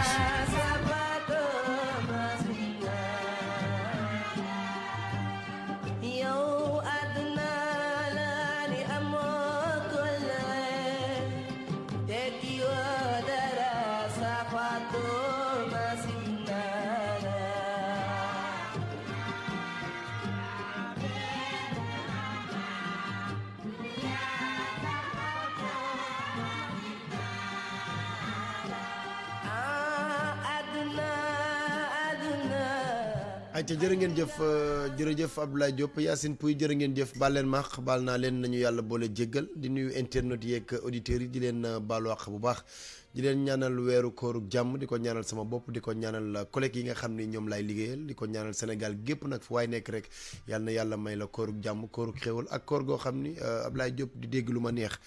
ici. acca jërë ngeen jëf euh, jërëjëf Abdoulaye Diop Yacine Pouy jërë ngeen jëf baal leen maax baal naa leen nañu yàlla boole jéggal di nuyu internet yeeg auditeurs yi di leen euh, baalu àq bu baax di leen ñaanal weeru kooru jàmm di ko ñaanal sama bopp di ko ñaanal euh, collègue yi nga xam ni ñoom laay liggéeyal di ko ñaanal Sénégal gépp nag fu waay nekk rek yàlla yàlla may la kooruk jàmm kooru xéwal ak koor goo xam ni Abdoulaye Diop di dégg lu ma neex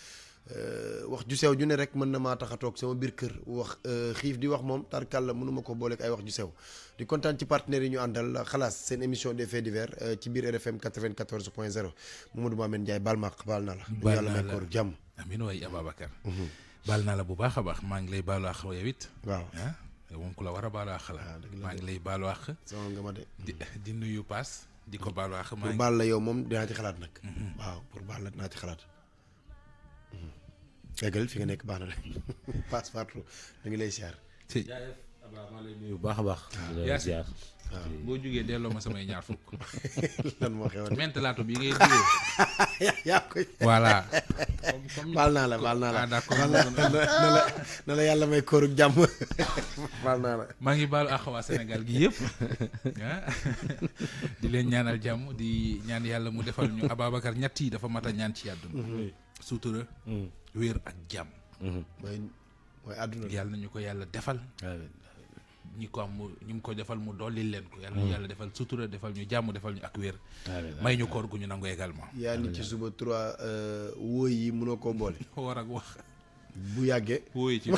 wax ju sew ju ne rek mën na maa tax a toog sama biir kër wax xiif di wax moom tarkal la mënuma ko booleeg ay wax ju sew di kontaan ci partenaires yi ñu àndal xalaas seen émission des faits divers euh, ci biir RFM 94 point 0 Mamadou Mamen Ndiaye baal ma baal naa la. baal naa la yàlla may koor jàmm. Mhm. baal naa la bu baax a baax maa ngi lay baalu àq yow it. waaw ah moom ku la war a baalu àq la. Ah, maa ngi lay baalu àq. sama nga ma de. di di nuyu paas. di ko baalu àq maa ngi baal la yow moom dinaa ci xalaat nag. Mhm. waaw pour baal la dinaa ci xalaat. Mhm. fi nga nekk baax na rek passe partout ñu ngi lay siyaar. waaw bu baax a baax. Ah. yaa ah. boo jugee delloo ma samay ñaar fukk. lan moo bi ngay jugee. yaa ko voilà. baal naa la baal naa la ah, na la yàlla may kóorug jàmm baal naa la. maa ngi baalu àq senegal gi yëpp di leen ñaanal jàmm di ñaan yàlla mu defal ñu Ababacar ñett yi dafa mat a ñaan ci àdduna. Mm-hmm. suutura. Mm-hmm. wéer ak jàmm. Mm-hmm. mooy àdduna yàlla nañu ko yàlla defal. ñi ko am mu ñu ngi ko defal mu dolli leen ko yàlla mm. yàlla defal sutura defal ñu jàmm defal ñu ak wér may ñu koor gu ñu nangu également yaa nit ci suba trois euh, wóoy yi mënoo koo boole war ak wax bu yàggee wóoy ci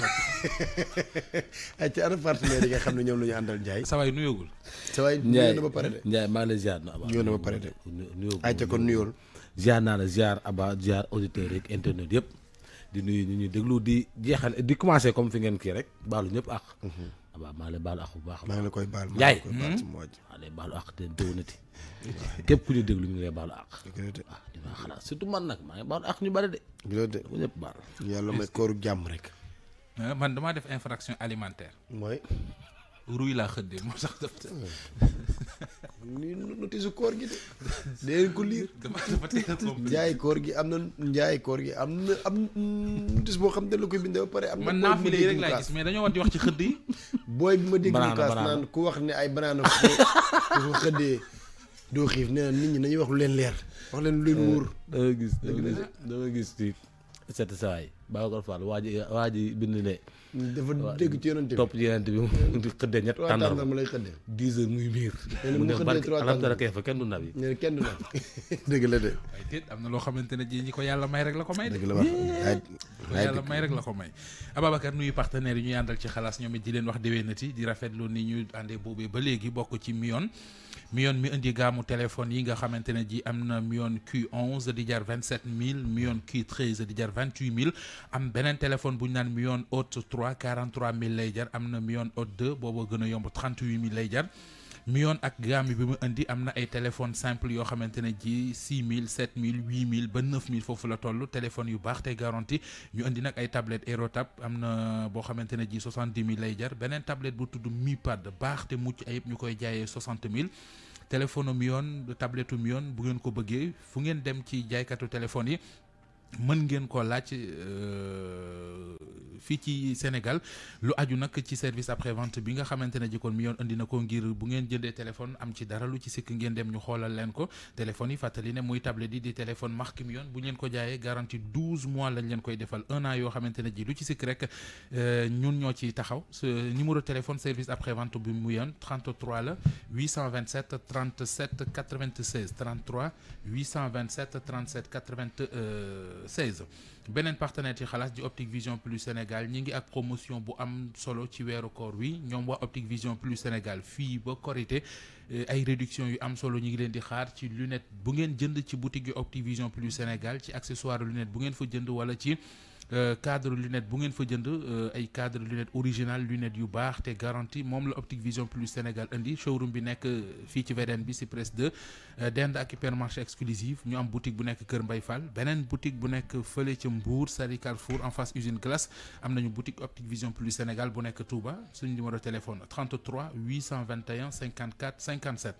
ay ci ana partenaire yi nga xam ne ñoom la ñu àndal Ndiaye sawaay nuyoogul sawaay nuyoo na ba pare de na aba nuyoo na ba pare de nuyoogul kon nuyool ziar naa la ziar aba ziar auditeurs yeeg internet yëpp di nuyu ñu ñuy déglu di jeexal di commencé comme fi ngeen kii rek baalu ñëpp ax abaa ah maa ngi lay baalu àq bu baax. maa ngi la koy baal maa ngi koy baal ci mooj maa ngi lay baalu àq te déwénati képp ku ñu déglu ñu ngi lay baalu àq. waaw ah, dinaa xalaat surtout man nag maa ngi baalu àq ñu bari de. loolu de ñëpp baal. yàlla may kooru jàmm rek. Eh, man damaa def infraction alimentaire. mooy. ruy laa xëddee moo sax daf ni notice koor gi de dee ko liir njaay koor gi am na njaay koor gi am na am notice mm, boo xam ne la koy bindee ba pare am na man naa fi léegi rek laa gis mais dañoo war di wax ci xëdd yi booy bi ma dégg ñu kaas naan ku wax ne ay banaana ko ko xëddee doo xiif nee na nit ñi nañuy wax lu leen leer wax leen lu leen eh, wóor dama gis dama gis ci set saay Babacar Fall waa ji waa ji bind ne. dafa dégg ci yonent bi topp ci yonent bi mu di xëddee ñett. tàndarma mu lay xëddee. dix heures muy miir. mu ne barke alamtara kay fa kenn du nabi. ñu kenn du nabi. dëgg la de. waaye déet am na loo xamante ne ji ñi ko yàlla may rek la ko may. dëgg la wax ko yàlla may rek la ko may. Ababacar nuyu partenaires yi ñu àndal ci xalaas ñoom it di leen wax déwénati di rafetlu ni ñu àndee boobee ba léegi bokk ci miyoon. Mion mi indi gaamu téléphone yi nga xamante ne ji am na Mion Q11 di jar vingt sept mille Mion Q13 di jar vingt huit mille am beneen téléphone bu ñu naan Mion Haute 3 43 mill lay jar am na Mion Haute 2 boobu gën yomb trente huit mille lay jar. Mion ak gamme bi mu indi am na ay téléphone simple yoo xamante ne ji mill 7000 8000 ba 9000 foofu la toll téléphone yu baax te garanti ñu indi nag ay tablette Aerotab am na boo xamante ne ji 70000 lay jar beneen tablette bu tudd Mi Pad baax te mucc ayib ñu koy jaayee téléphone am yoon tablette am yoon bu ngeen ko bëggee fu ngeen dem ci jaaykatu téléphone yi mën ngeen ko laaj euh, fii ci Sénégal lu aju nak ci service après vente bi nga xamante ne jikkoon mi yoon indi na ko ngir bu ngeen jëndee téléphone am ci dara lu ci sikk ngeen dem ñu xoolal leen ko téléphone yi fàttali ne muy tablette yi di téléphone marque mi yoon bu ñu leen ko jaayee garantie douze mois lañ leen koy defal un an yoo xamante ne ji lu ci sikk rek euh, ñun ñoo ci taxaw numéro téléphone service après vente bi mu yoon 33 la 827 37 96 33 827 37 80. seize beneen partenaire ci xalaas di Optique Vision Plus Sénégal ñi ngi ak promotion bu am solo ci weeru koor wi ñoom waa Optique Vision Plus Sénégal fii ba Korité eh, ay réduction yu am solo ñu ngi leen di xaar ci lunette bu ngeen jënd ci boutique yu Optique Vision Plus Sénégal ci accessoire lunette bu ngeen fa jënd wala ci Euh, cadre lunette bu ngeen fa jënd euh, ay cadre lunette original lunette yu baax te garanti moom la Optique Vision Plus Sénégal indi showroom bi nekk euh, fii ci VDN bi ci presse 2 dend ak hypermarché exclusive ñu am boutique bu nekk Kër Mbay fal beneen boutique bu nekk fële ca Mbour Sari Carrefour en face usine glace am nañu boutique Optique Vision Plus Sénégal bu nekk Touba suñu numéro téléphone 33 821 54 57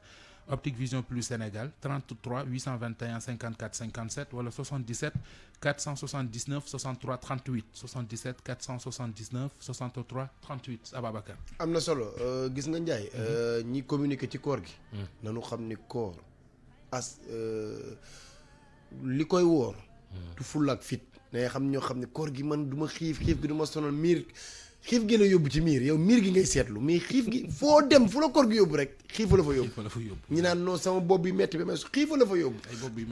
Optique Vision Plus Sénégal 33 821 54 57 wala 77 479 63 38 77 479 63 38 Ababacar. am na solo euh, gis nga Ndiaye. Mhm. Euh, ñi communiquer ci koor gi. na mm. nañu xam ni koor as euh, li koy woor. Mm. du full ak fit. da ngay xam ñoo xam ni koor gi man du ma xiif xiif gi du ma sonal miir. xiif gi la yóbbu ci miir yow miir gi ngay seetlu mais xiif gi foo dem fu la kor gi yóbbu rek xiifa la fa yóbbu ñi naan non sama bopp bi metti bi mais xiifa la fa yóbbu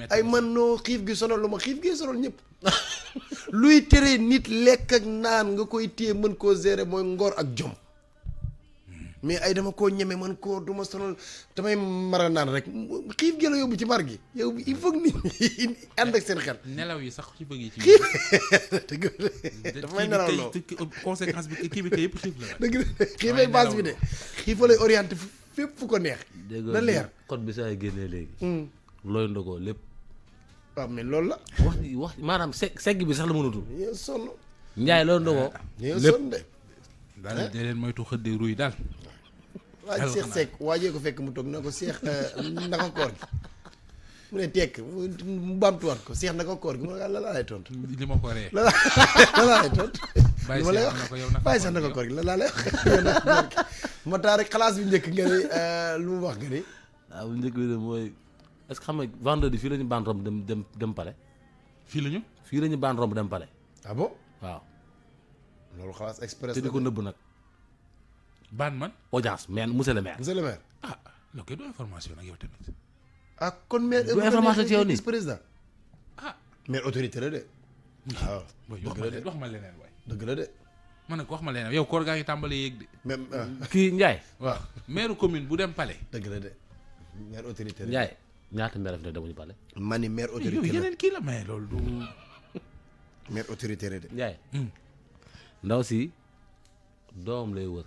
ay man noo xiif gi sonal lu ma xiif gi sonal ñëpp luy tere nit lekk ak naan nga koy téye mën koo gérer mooy ngor ak jom mais ay dama koo ñeme man koo duma ma sonal damay mara naan rek xiif gi la yóbbu ci mar gi yow il faut nit ñi ànd ak seen xel. nelaw yi sax xiif a ngi ci. dëgg la damay nelaw loo conséquence bi kii bi tey yëpp xiif la. dëgg la bi de xiif lay orienté fépp fu ko neex. la leer code bi saa yi génnee léegi. Hmm. looy ndogoo lépp. waaw mais loolu la. wax wax maanaam se segg bi sax la mënatul. yow sonn. Ndiaye looy ndogoo. lépp yow de. leen moytu xëddi ruy daal. waa Cheikh Seck waajee ko fekk mu toog euh, na ko Cheikh naka koor gi mu ne tekk mu baamtuwaat ko Cheikh naka koor gi mu ne la laa tontu. ma ko ree la laa lay tontu. bàyyi Cheikh naka ko yow wax yow naka koor gi ma taa rek xalaas bi njëkk nga ni euh, lu mu wax nga ni. waaw ah, bu njëkk bi de mooy est xam nga vendredi fii la baan romb dem dem dem pale. fii lañu fii lañu ñu baan romb dem pale. ah bon waaw. loolu xalaas express te di nëbb nag. baan man audience mais monsieur le ah loolu du information nag yow tamit. ah kon maire. du information ci yow nii ah maire autorité de. Hmm. Ah. dëgg ma leneen man nag wax ma leneen yow koor gaa tàmbali yéeg de. Ah. kii Ndiaye. waaw maire commune bu dem Palais. dëgg la de maire Ndiaye ñaata maire fi ne demuñu Palais. ma ni maire autorité la la de. Ndiaye. Hmm. ndaw si doom lay wër.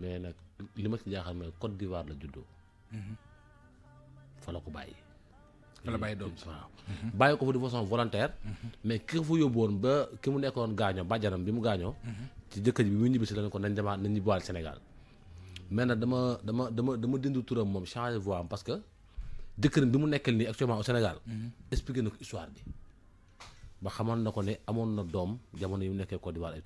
mais nag li ma ci jaaxal mooy Côte d'Ivoire la juddoo. Mhm. fa la ko bàyyi. fa la bàyyi doom waaw. Mhm. bàyyi ko fa de façon volontaire. Mhm. mais ki fa yóbbu woon ba ki mu nekkoon gaaño bàjjanam bi mu gaañoo. ci jëkkër ji bi mu ñibbisi lañ ko nañ demaat nañ ñibbaale Sénégal. mais nag dama dama dama dama dindi turam moom changé voie am parce que jëkkëram bi mu nekkal nii actuellement au Sénégal. expliqué na ko histoire bi. ba xamal na ko ne amoon na doom jamono yi mu nekkee Côte d'Ivoire et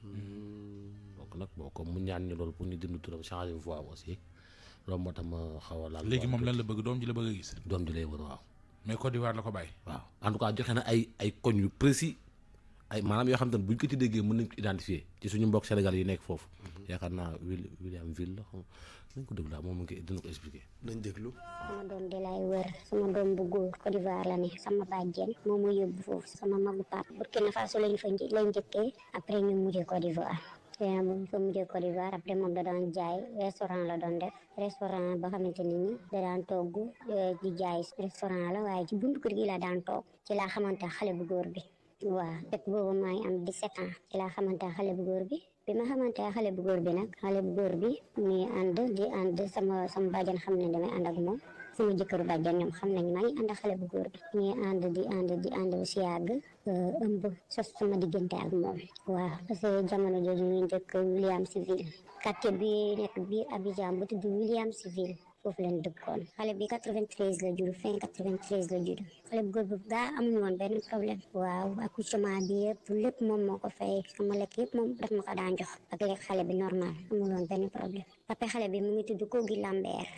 Hmm. donc nag boo ko mu ñaan ñu loolu pour ñu dund turam changer voie aussi loolu moo tax ma xaw a laal. léegi moom lan la bëgg doom ji la bëgg a gis. doom ji lay wër waaw. mais Côte d'Ivoire la ko bàyyi. waaw en tout cas joxe na ay ay koñ yu précis ay maanaam yoo xam te ne bu ñu ko ci déggee mën nañ ko identifier ci suñu mbokk Sénégal yi nekk foofu. yaakaar naa William Ville la xam nañ ko déglu daal moom nga dina ko expliquer. nañ déglu. sama doom bi laay wër sama doom bu góor Côte d'Ivoire la ne sama après ñu mujjee Côte d'Ivoire. waaw bu mujjee Côte d'Ivoire après moom da doon jaay restaurant la doon def restaurant ba xamante ne nii da daan togg euh, di jaay restaurant la waaye ci buntu kër gi la daan toog ci laa xamante xale bu góor bi. waa fekk boobu maa ngi am 17 ans ci laa xale bu góor bi bi ma xamante xale bu góor bi nag xale bu góor bi muy ànd di ànd sama sama bàjjan xam ne damay ànd ak moom sama jëkkëru bàjjan ñoom xam nañ maa ngi ànd ak xale bu góor bi ñuy ànd di ànd di ànd si yàgg euh, ëmb sos sama diggante ak moom waaw parce que jamono jooju ñu njëkk William Civil quartier bi nekk biir Abidjan bu tudd William Civil foofu leen dëkkoon xale bi 93 la jur fin 93 la jur xale bu góor bu gaa amuñu woon benn problème waaw accouchement bi yëpp lépp moom moo ko fay sama lekk yëpp moom daf ma ko jox ak xale bi normal amul woon benn problème papa xale bi mu ngi tudd Kogi Lambert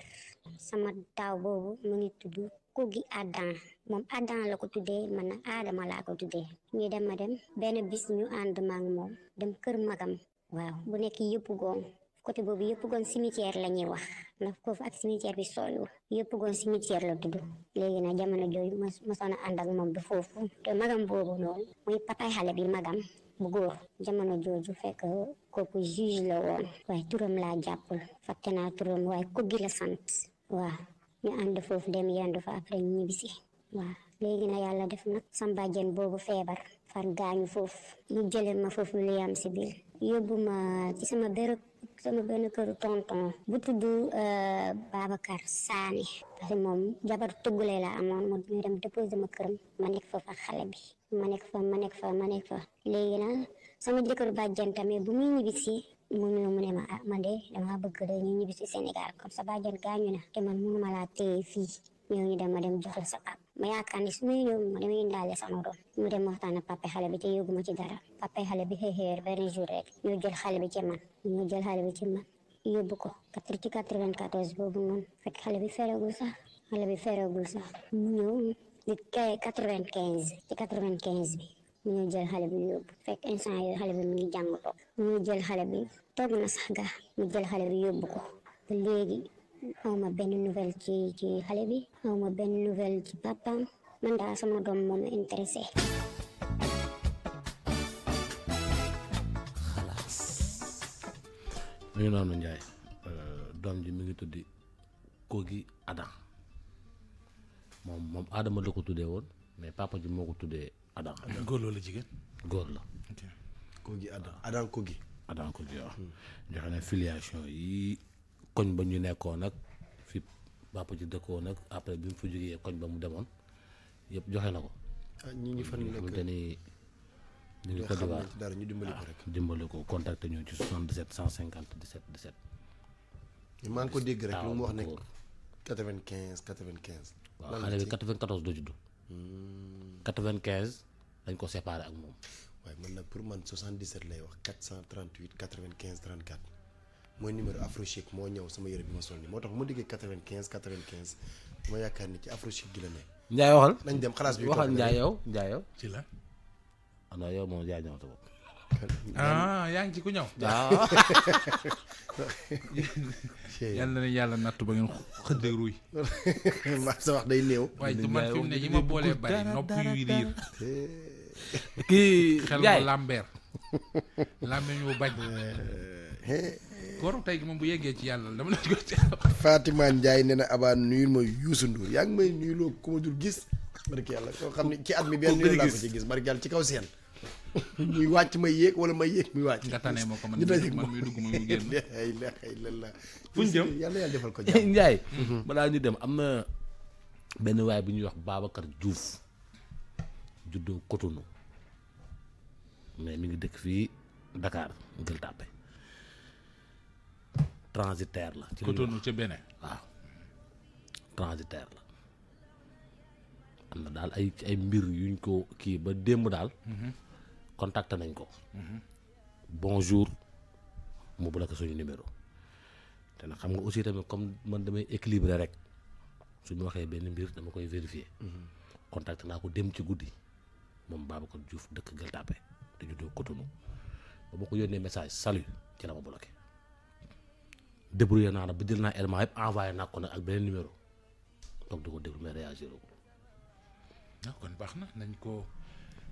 sama taaw boobu mu ngi tudd Kogi Adam moom Adam la ko tuddee man nag Adama laa ko tuddee ñu dem ma dem benn bis ñu ànd ma ak moom dem kër magam waaw bu nekk yëpp goon côté boobu yëpp goon cimetière la ñuy wax ndax ak cimetière bi soriwul yëpp goon cimetière la tudd léegi nag jamono jooju mos mosoon a ànd ak moom du foofu te magam boobu noonu muy papay xale bi magam bu góor jamono jooju fekk kooku juge la woon waaye turam laa jàppul fàtte naa turam waaye kuggi la sant waaw ñu ànd foofu dem yendu fa après ñu ñibbisi waaw léegi na yàlla def nag samba jën boobu feebar far gaañu foofu ñu jëlee ma foofu lu yam si biir yóbbu ma ci sama bërëb sama benn këru tonton bu tudd eh, Babacar Sané parce que moom jabar tuggalee la amoon mu ñu dem ma këram ma fa fa xale bi ma nekk fa ma nekk fa ma nekk fa léegi nag sama jëkkër bàjjen tamit bu muy ñibbisi mu ñëw mu ne ma ah man de damaa bëgg rek ñu ñibbisi sa bàjjen gaañu na te man mënuma laa téye fii ñëw ñu dem ma dem jox sa papa ma yaakaar ni su may ñëw ma damay indaale sama doom ñu dem waxtaan ak papa xale bi te yóbbu ma ci dara papa xale bi xëy benn jour rek ñu jël xale bi ci man ñu jël xale bi ci man yóbbu ko quatre ci quatre vingt quatorze boobu noonu fekk xale bi feregul sax xale bi feregul sax mu ñëw di quatre vingt quinze ci quatre vingt quinze bi mu ñëw jël xale bi yóbbu fekk instant yooyu xale bi mu ngi jàng toog mu jël xale bi toog na sax ga mu jël xale bi yóbbu ko ba léegi aw ma benn nouvelle ci xale bi ma benn nouvelle ci papaam man daal sama doom moo ma xalaas. mi ngi noonu Ndiaye euh, doom ji mi ngi tuddi Kogi Adam moom moom Adama la ko tuddee woon mais papa ji moo ko tuddee Adam. góor la wala jigéen. góor la. ok Adam Adam Kogi. Adam Kogi waaw. joxe na filiation yi. koñ ba ñu nekkoon nag fi papa ci dëkkoon nag après bi mu fa jógee koñ ba mu demoon yëpp joxe na ko. ah ñi ñu fan ñu xamante ni ñu ngi ko diwaan dara ñu dimbali ko rek. Ah, dimbali ko contacté ñu ci 77 150 17 17. maa ngi ko dégg rek lu mu wax ne 95 ah, 95. waaw xale bi 94 la judd. 95 hmm. dañ ko séparé ak moom. waaye man nag pour man 77 lay wax 438 95 34. mooy numéro Afrochic moo ñëw sama yére bi ma sol nii moo tax bu ma déggee quatre-vingt-quinze quatre-vingt-quinze ma yaakaar ni ci Afrochic gi la ne. Ndiaye waxal nañ dem xalaas bi waxal Ndiaye yow Ndiaye yow. ci la. ah yow moom yaa ñëw te bopp. Ah, yaa ngi ci ku ñëw. waaw. Ah. yal na yàlla nattu ba ngeen xëdde ruuy. maa sa wax day néew. waaye ci man fi ne yi ma boolee bari nopp yuy riir. kii Ndiaye xel ko Lambert. Lambert ñu bañ. Eh, eh. koor tey moom bu yeggee ci yàlla dama la ko Ndiaye nee na abaa nuyul ma Youssou Ndour yaa ngi may nuyuloo ku ma dul gis barki yàlla koo xam ne ci at mi benn yoon laa gis barki yàlla ci kaw seen muy wàcc may yéeg wala may muy wàcc. nga tane ma ko man man muy dugg muy génn. fuñ jëm yàlla yàlla defal ko jàmm Ndiaye. Mhm. balaa ñu dem am na waay bu ñuy wax Babacar Diouf juddoo Cotonou mais mi ngi dëkk fii Dakar Gueule Tapée transitaire la. ci Cotonou ca Bénin waaw transitaire la am na daal ay ay mbir yuñ ko kii ba démb daal. Mhm. contacté nañ ko. Mhm. bonjour mu bloqué suñu numéro. te nag xam nga aussi tamit comme man damay équilibré rek suñu waxee benn mbir dama koy vérifier. Mhm. contacté naa ko dem ci guddi moom Babacar Diouf dëkk Gueule Tapée te juddoo Cotonou ba ma ko yónnee message salut ci la ma bloqué. débrouillé naa nag ba jël naa élément yëpp envoyé naa ko nag ak beneen numéro donc di ko déglu mais réagir ah kon baax na nañ ko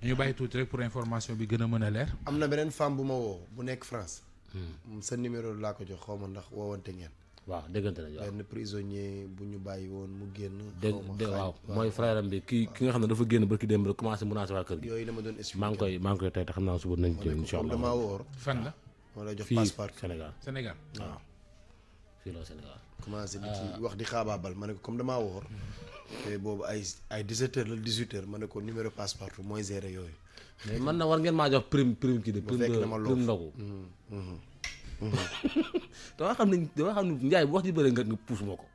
ñu bàyyi tuuti rek pour information bi gën a mën a leer. am na beneen fem bu ma woo bu nekk France. Hmm. Mm, sa numéro laa ko jox xaw ma ndax woowante ngeen. waaw déggante nañu waaw benn prisonnier bu ñu bàyyi woon mu génn. dégg waaw mooy frère am bi ki ki nga xam ne dafa génn barki démb rek commencé menacé waa kër gi. yooyu dama doon expliqué maa ngi koy maa ngi koy tey te xam naa suba nañu ci. incha allah damaa wóor fan fii la Sénégal. commencé di ci euh, wax di xaabaabal ma ne ko comme damaa woor. te boobu ay ay 17h la 18 ma ne ko numéro passe mooy gérer yooyu. mais man na war ngeen maa jox prime prime kii de. bu fekk dama prime ndogu. Mm, mm, mm. xam ne dama xam ne Ndiaye bu wax ji bëri nga puus ma ko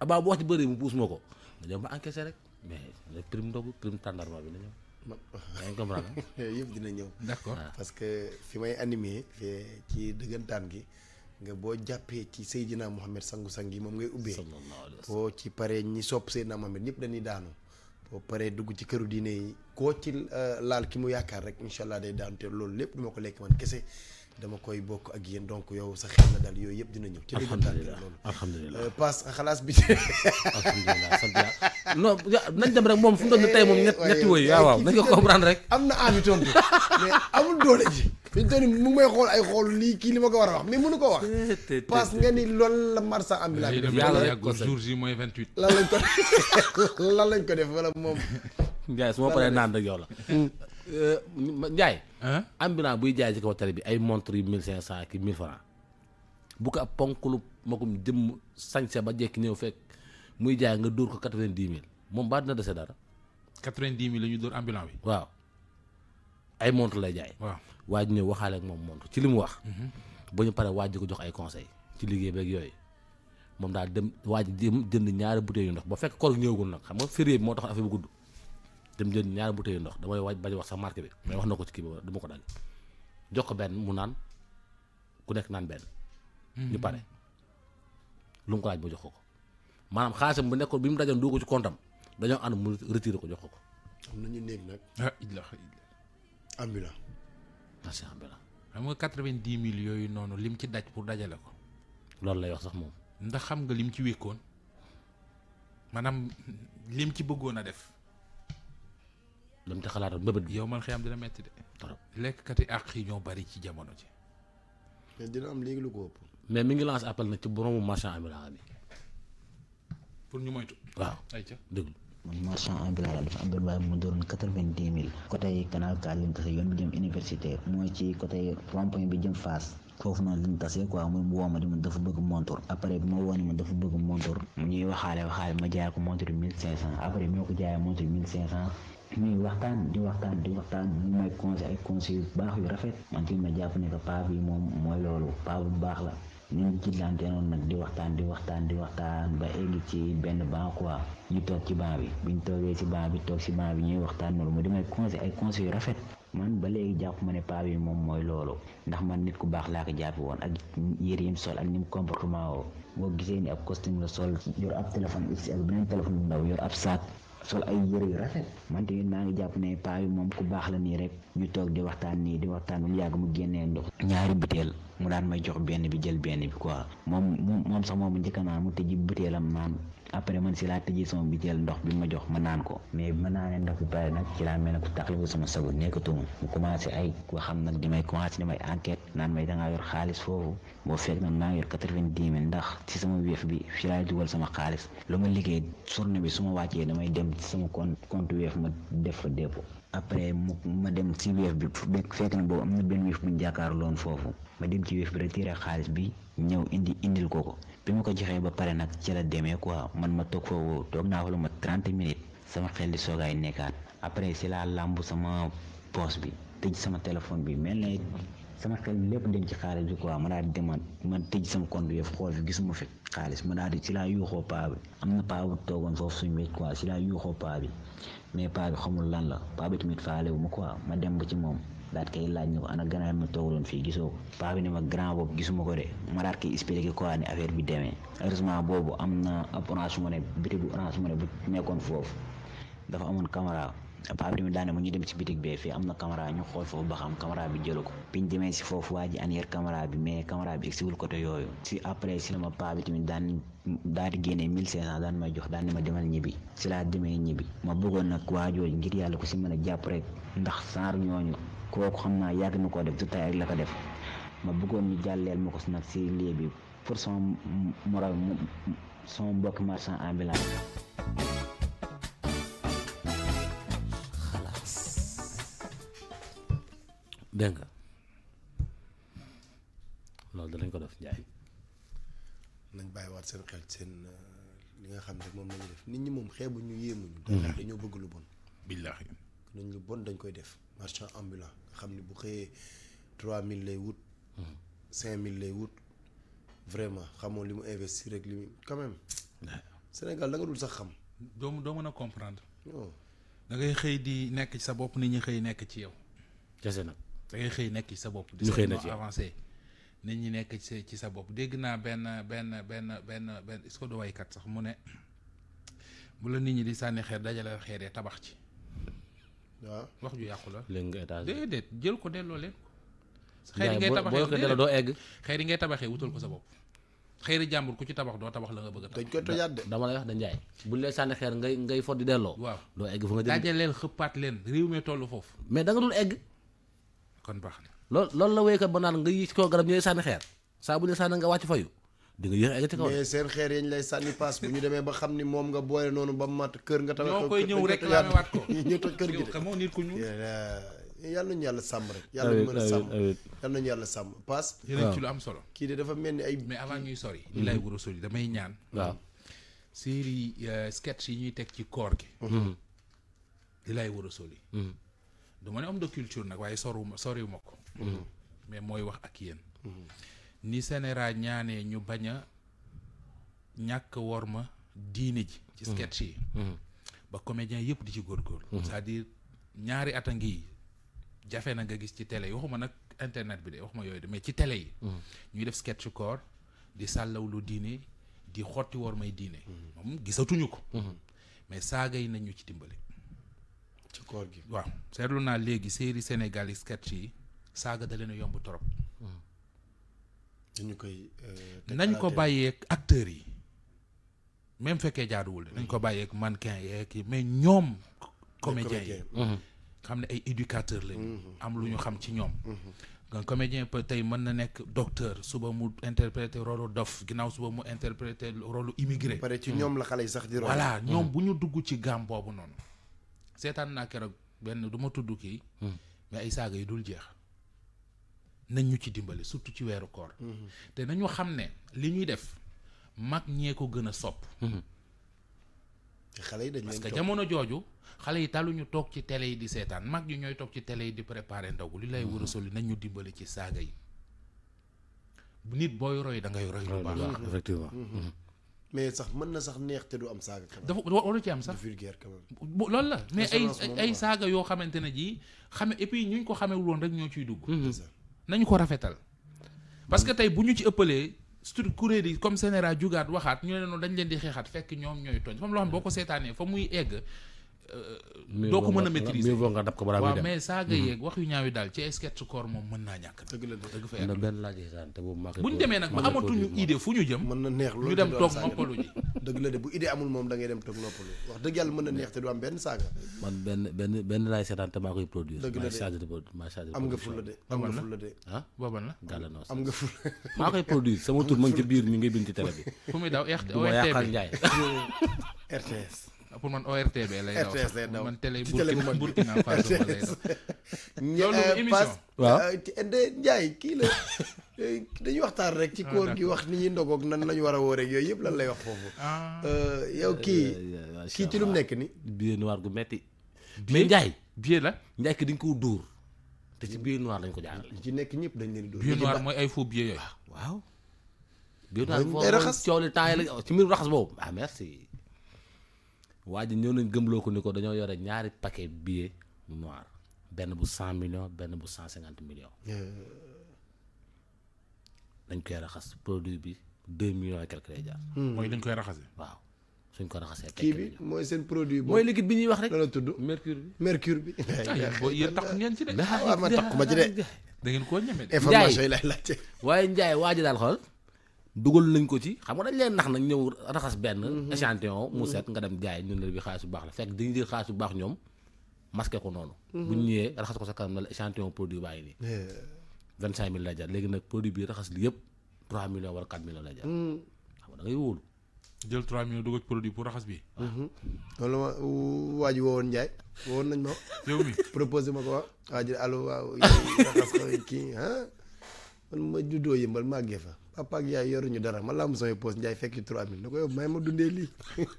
Abba bu wax ci bëri mu puus ma ko nga ñëw ma encaissé rek mais prime ndogu prime tàndarma bi na ñëw. ma yaa ngi comprendre yëpp dina ñëw. d'accord ah. parce que fi may animé. fee ci dëggantaan gi. nga boo jàppee ci Seydina Mohamed sangu-sang yi moom ngay ubbee foo ci paree ñi sopp Seydina Mohamed ñëpp dañuy daanu boo paree dugg ci këru diine yi koo ci euh, laal ki mu yaakaar rek incha allah day daanu loolu lépp duma ko lekk man kese dama koy bokk ak yéen donc yow sa xel na daal yooyu yëpp dina ñëw. ci dëgg loolu alhamdulilah euh, paas xalaas bi. alhamdulilah sant yàlla non nañ dem rek moom fu am doon tey moom ñett ñetti woy waaw waaw nañ ko comprendre rek. am na aami tontu mais amul doole ji. fi mu mu may xool ay xool lii kii li ma ko war a wax mais mënu ko wax. parce que ni loolu la marsa am. yàlla rek lan lañ ko lan lañ ko def wala moom. Ndiaye su ma paree naan rek yow la. Hmm. Euh, Ndiaye. ambulant buy jaay ci kaw tali bi ay montre yu mille cinq cent ki mille francs bu ponk lu ponklu makum jëmm sañse ba jekki ñëw fekk muy jaay nga dóor ko quatre vingt dix mille moom baa dina desee dara quatre vingt dix mille la ñu dóor ambulant bi waaw ay montre lay jaay waaw waa ji ñëw waxaale ak moom montre ci li mu wax mhm. ba ñu pare waa ko jox ay conseil ci liggéey beeg yooyu moom daal dem waa ji jënd ñaari bouteille yu ndox ba fekk koor ñëwagul nag xam nga férié bi moo tax affaire bu gudd dem jënd ñaari bouteille ndox damay waaj bañ wax sax marque bi mais wax na ko ci kii bi dama ko daal jox ko benn mu naan ku nekk naan benn. ñu mhm. pare lu mu ko laaj ma jox ko ko maanaam xaalisam bu nekkoon bi mu dajoon dugg ko ci kontam dañoo ànd mu retiré ko jox ko ko. am nañu néeg nag. ah Idda ambulant. merci ah, ambulant. xam nga quatre-vingt-dix mille yooyu noonu lim ci daj pour dajale ko. loolu lay wax sax moom. ndax xam nga lim ci wékkoon maanaam lim ci bëggoon a def. lam te xalaatal mbëbët bi yow man xëy am dina metti de trop lekkkat àq yi ñoo bari ci jamono ji mais dina am léegi lu ko ëpp mais mi ngi lance appel nag ci boroomu marchand ambulant bi pour ñu moytu waaw ay ca déglu man marchand ambulant la dafa am benn waaye mu doon quatre vingt mille côté canal car yoon bi jëm université mooy ci côté rond-point bi jëm faas foofu noonu lañ tasee quoi mu woo ma di ma dafa bëgg montor après bi ma woo ne ma dafa bëgg montor ñuy bi ma ko jaayee montor mille baax yu rafet man fi ma jàpp ne que paa bi mooy loolu paa bu baax la ñu ngi jillante noonu nag di waxtaan di waxtaan di waxtaan ba egg ci benn banc quoi ñu toog ci banc bi biñ toogee ci banc bi toog ci banc bi ñuy waxtaan noonu mu di may conseil ay conseil yu rafet man ba léegi jàpp ma ne paa bi moom mooy loolu ndax man nit ku baax laa ko jàpp woon ak yére yim sol ak ni mu comportement woo boo gisee ni ab costume la sol yor ab téléphone XL beneen téléphone bu ndaw yor ab saak sol ay yëre yu rafet man tamit maa ngi jàpp ne paa bi moom ku baax la nii rek ñu toog di waxtaan nii di waxtaan bu yàgg mu génnee ndox ñaari butéel mu daan may jox benn bi jël benn bi quoi moom moom sax moom njëkk naan mu tëj butéelam naan après man si laa tëjee sama bi jël ndox bi ma jox ma naan ko mais ma naanee ndox bi pare nag ci laa mel ne ku taxaliku sama sago nekkatuma mu commencé ay ko xam nag di may commencé di may enquête naan may dangaa yor xaalis foofu boo fekk nag maa ngi yor quatre-vingt-dix mille ndax ci sama weef bi fi laay sama xaalis lu ma liggéey journée bi su ma wàccee damay dem ci sama compte compte weef ma def fa dépôt après mu ma dem ci weef bi fekk na boobu am na benn weef muñ ñu jàkkaarloon foofu ma dem ci weef bi retiré xaalis bi ñëw indi indil ko ko li ma ko joxee ba pare nag ci la demee quoi man ma toog foofu toog naa fa lu ma trente minutes sama xel di soogaay nekkaat après ci laa làmb sama poche bi tëj sama téléphone bi mel na sama xel lépp dem ci xaalis bi quoi ma daal di demaat ma tëj sama compte bi yëpp xool fi gisuma fi xaalis ma daal di si laa yuuxoo paa am na paa bu toogoon foofu suñu wécc quoi si laa yuuxoo paa bi mais paa xamul lan la paa bi tamit faale wu ma quoi ma dem ba ci moom. daal koy laaj ne ko ana ganaar ma toogaloon fii gisoo ko paa bi ne ma grand boobu gisuma ko de ma affaire bi demee heureusement boobu am na ab orange mu ne bitig bu orange nekkoon foofu dafa amoon caméra paa bi daane mu dem ci bitig bee am na caméra ñu xool foofu ba xam caméra bi jëlu ko biñ demee si foofu waa ji anyeer caméra bi mais caméra bi egsiwul yooyu si après si la ma paa bi tamit daan daal di génnee mille cinq cent daan may jox daan ne ma demal ñibbi si laa demee ñibbi ma bëggoon nag waajooju ngir yàlla ko si mën a jàpp rek ndax saar ñooñu kooku xam naa yàgg na koo def du tay ak la ko def ma bëggoon ñu jàlleel ma ko nag si pour sama morom sama mbokki marchand ambulant dégg nga loolu danañ ko def njaay nañ bàyyiwaat seen xel seen euh, li nga xam ne moom la nit ñi moom xeebu ñu yéemuñu mm-hmm. dañoo bëgg lu bon billaahi nañ lu bon dañ koy def marchand ambulant nga xam ne bu xëyee 3000 lay wut. 5000 lay wut vraiment xamoon li mu investir rek li mu quand même. Sénégal da dul sax xam. doo doo mën a comprendre. Oh. da ngay xëy di nekk ci sa bopp nit ñi xëy nekk ci yow. kese nag da ngay xëy nekk ci sa bopp. di xëy na ci avancé nit ñi nekk ci ci sa bopp dégg naa benn benn benn benn benn est-ce sax mu ne mu la nit ñi di sànni xeer dajale xeer tabax ci. waaw wax ju yàqu la. lëng étage déedéet jël ko delloo leen ko. xëy ngay tabaxee boo ko delloo doo egg. xëy ngay tabaxee wutal ko sa bopp. xëyri jàmbur ku ci tabax doo tabax la nga bëgg a tabax dañ koy tojaat de dama lay wax da njaay bu lay sànni xeer ngay ngay fot di delloo waaw doo egg fa nga jëm daje leen xëppaat leen réew mi toll foofu mais da nga dul egg kon baax na loolu loolu la wéykat ba naan nga yi ci kaw garab ñooy sànni xeer saa bu ñu sànni nga wàcc fayu di nga mais seen xeer yañ lay sànni paas bu ñu demee ba xam ni moom nga boole noonu ba mat kër nga tamit ñoo koy ñëw réclamé waat ko ñu toj kër gi de xamoo nit ku yàlla nañu yàlla sàmm rek yàlla ñu mën a sàmm yàlla nañu yàlla sàmm paas yéen ci lu am solo kii de dafa mel ni ay mais avant ñuy sori li lay war a sori damay ñaan waaw série euh, sketch yi ñuy teg ci koor gi li mhm. lay war a sori mhm. ne homme de culture nag waaye soriwuma soriwuma ko mhm. mais mooy wax ak yéen ni sénéra ñaane ñu bañ a ñàkk wor ma diine ji ci mm-hmm. sketch yi mm-hmm. ba comédien yëpp di ci góorgóorlu mm-hmm. c'est-à-dire ñaari at a ngi jafe na nga gis ci télé yi waxuma nag internet bi de waxuma yooyu de mais ci télé yi ñuy def sketch corps di sàllawlu diine di xotti wor may diine moom gisatuñu ko mais saaga yi nañ ci dimbale ci koor gi waaw seetlu naa léegi série sénégal yi sketch yi saaga da leen yomb torop dañu koy euh, nañ ko bàyyeek acteurs yi même fekkee jaaduwul nañ ko bàyyeeg mannequin yeeg mais ñoom comédiens yi mm-hmm. xam ne ay éducateurs lañu mm-hmm. am lu ñu xam ci ñoom un mm-hmm. comédien peut tey mën na nekk docteur suba mu interpréter rôle dof ginnaaw suba mu interpréter rôle immigré. pare ci ñoom la xale yi sax di. voilà ñoom bu ñu dugg ci gaam boobu noonu. seetaan naa keroog benn du ma tudd kii. mais ay saaga yi dul jeex. nañ ñu ci dimbali surtout ci weeru koor mm-hmm. te nañu xam ne li ñuy def mag ñee ko gën a sopp mm-hmm. xale yi dañ parce que jamono jooju xale yi taluñu toog ci télé yi di seetaan mag yi ñooy toog ci télé yi di préparer ndogu li lay war a mm-hmm. soli nañ ñu dimbali ci saaga yi nit booy roy da ngay roy lu baax effectivement mais sax mën na sax neex te du am saaga. dafa waru ci am sax vulgaire quand même la mais ay ay saaga yoo xamante ne jii xame et puis ñu ko woon rek ñoo ciy dugg. nañu ko rafetal parce que tey bu ñu ci ëppalee surtout kuréel yi comme Sénéra jugaat waxaat ñu ne noonu dañ leen di xeexaat fekk ñoom ñooy tooñ fam loo xam boo ko seetaanee fa muy egg doo ko mën a maîtriser nga dab ko balaa muy dem mais saaga mhm. yeeg wax yu ñaawi daal ci sketch koor moom mën naa ñàkk da ngay dem toog noppalu wax mën na benn laaj seetaan te maa koy produire la de chargé de chargé de am nga fulla de ah? am nga fulla de ah maa koy produire sama tur ma ci biir mi ngay bind ci télé bi fu muy daw RTS pour man ORTB lay daw RTS lay daw man télé Burkina Burkina Faso lay daw. loolu euh, émission waaw euh, Njaay kii la euh, dañuy waxtaan rek ci ah, koor gi wax ni ñuy ndogoog nan la ñu war a wóor ak yooyu yëpp lan lay wax foofu. Ah. yow kii kii ci lu mu nekk nii. billet noir gu metti mais Njaay billet la Njaay ki dañ koo dóor te ci billet noir lañ ko jaarale. li ci nekk ñëpp dañ leen dóor. billet noir mooy ay faux billet yooyu. waaw. billet noir foofu coow li temps yi la ci mbirum raxas boobu ah merci. waa ji ñëw nañ gëmloo ko ni ko dañoo yore ñaari paquet billet noir benn bu cent benn bu cent cinquante millions. Euh. dañ koy raxas produit bi deux million et quelque lay jaar. Hmm. mooy dañ koy raxase. waaw suñ ko raxasee. kii bi mooy seen produit. mooy liquide bi ñuy wax rek. tudd mercure bi. mercure bi. Ah, boo yéen ngeen ci de. Ah, waaw ma takku ma ci de. da ngeen koo ñeme de. information yi waaye Ndiaye waa ji daal xool. dugal nañ ko ci xam nga dañ leen nax nag ñëw raxas benn mhm. échantillon mu seet mhm. nga dem jaay ñun la bi xaalis bu baax la fekk dañuy jël xaalis bu baax ñoom masqué ko noonu mhm. bu ñu ñëwee raxas ko sa kanam na la échantillon produit baa ngi nii vingt cinq léegi nag produit bi raxas li yëpp trois millions wala quatre millions lay jar xam nga da ngay wóolu jël trois millions dugal produit pour raxas bi loolu ma waa ji woowoon Ndiaye woowoon nañ ma ma ko waaw waa ji allo waaw raxas ko kii ah man ma juddoo yëmbal màggee fa papa ak yaay yoruñu dara ma làmb samay poos njaay fekk ci trois mille lu ko yow may ma dundee lii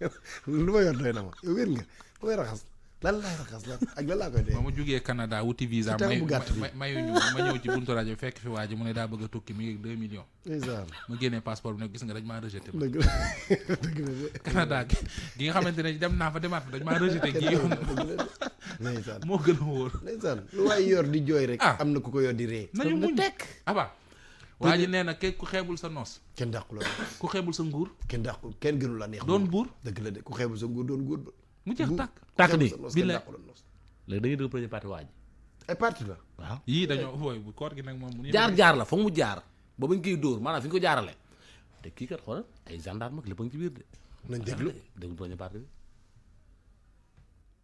lu ma yor doy na ma yow wér nga lu may raxas lan laay raxas lan ak lan laa koy dee. ba ma jugee Canada wuti visa. may mayuñu ma ñëw ci buntu rajo fekk fi waa ji mu ne a gis nga dañ maa rejeté. dëgg gi nga xamante ne dem naa fa demaat fa dañ maa rejeté. gi yoon ndeysaan moo gën a wóor. ndeysaan lu waay yor di jooy rek. Ah. am na ku ko yor ree. nañu muñ tekk ah waa ji nee na kenn ku xeebul sa noos. kenn dàqu la ku xeebul sa nguur. kenn kenn gënu la neex. doon buur dëgg la de ku xeebul sa nguur doon nguur. mu jeex tàkk tàkk nii bi la léegi da ngay dugg premier parti waa ji. ay parti la. waaw yii dañoo fooy bu koor gi nag moom. mu jaar jaar la foog mu jaar ba bañ koy dóor maanaam fi ñu ko jaarale te kii kat xoolal ay gendarme ak lépp la ngi ci biir de. nañ déglu déglu premier parti bi.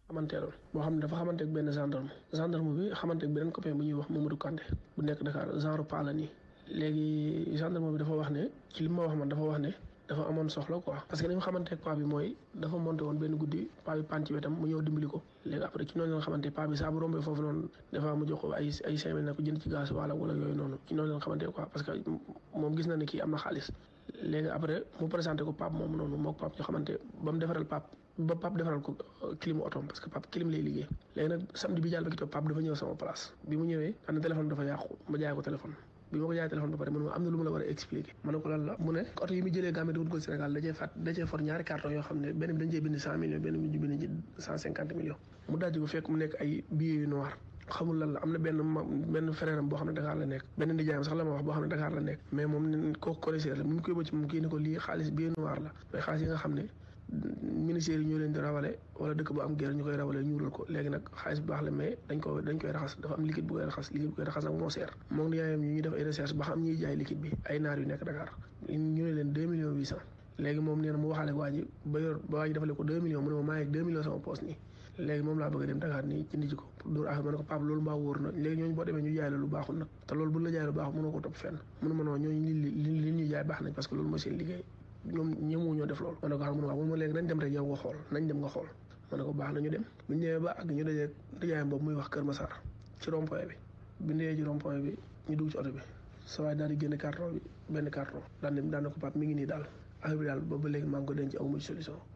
xamanteeloon boo xam ne dafa xamante benn gendarme gendarme bi xamante ak beneen copain bu ñuy wax Mamadou Kandé bu nekk Dakar genre pa la nii léegi gendarme bi dafa wax ne ci li ma wax man dafa wax ne dafa amoon soxla quoi parce que ni nga xamante paa bi mooy dafa woon benn guddi paa bi pan mu ñëw dimbali ko léegi après ci noonu leen xamante paa bi saa bu rombee foofu noonu des fois mu jox ko ay ay cinq mille na ko jënd ci gaz wala wala yooyu noonu am na xaalis ko pape moom noonu mook pape ñoo xamante ba mu defaral pape ba pape euh, parce que pape clim lay liggéey léegi nag samedi bi dafa ñëw sama place bi mu ñëwee xam ne téléphone dafa yàqu ma jaay ko téléphone bi ma ko jaay téléphone ba pare mun ma am na lu mu la war a expliquer ma a ko lan la mu ne oto yi mu jëlee Gambie dugal Sénégal da cee fat da ñaari carton yoo xam ne benn bi dañ cee bind cent cinquante millions mu daaj ko fekk mu nekk ay billets yu noir xamul lan la am na benn benn frère boo xam ne Dakar la nekk benn nijaayam sax la ma wax boo xam ne Dakar la nekk mais moom ne kooku connaisseur la mu koy ba ci moom kii ne ko lii xaalis billet ministère yi ñoo leen di rawale wala dëkk bu am guerre ñu koy rawale ñuural ko léegi nag xaalis bu baax la mais dañ ko dañ koy raxas dafa am liquide bu koy raxas liquide bu nag moom na mu waxaale laa bëgg a dem Dakar nii jënd ji pour dóor affaire ma ko Pape loolu mbaa wóor na léegi ñooñu boo demee ñu jaay la lu baaxul nag te loolu bu la jaay lu baax mënoo ko topp fenn mënu ma ñooñu li li ñu jaay baax nañ parce que loolu mooy seen liggéey ñoom ñëmoo ñoo def lool ma ne ko ah mun waaw mun nañ dem rek yow nga xool nañ dem nga xool ma ne ko baax nañu dem bu ñu demee ba ak ñu dajee nijaayam boobu muy wax Kër Massar ci rond point bi bi ñu ci rond bi ñu dugg ci oto bi sa waay daal génn carton bi benn carton daan dem ko pap mi ngi nii daal affaire bi daal ba léegi maa ngi ko denc aw ma solution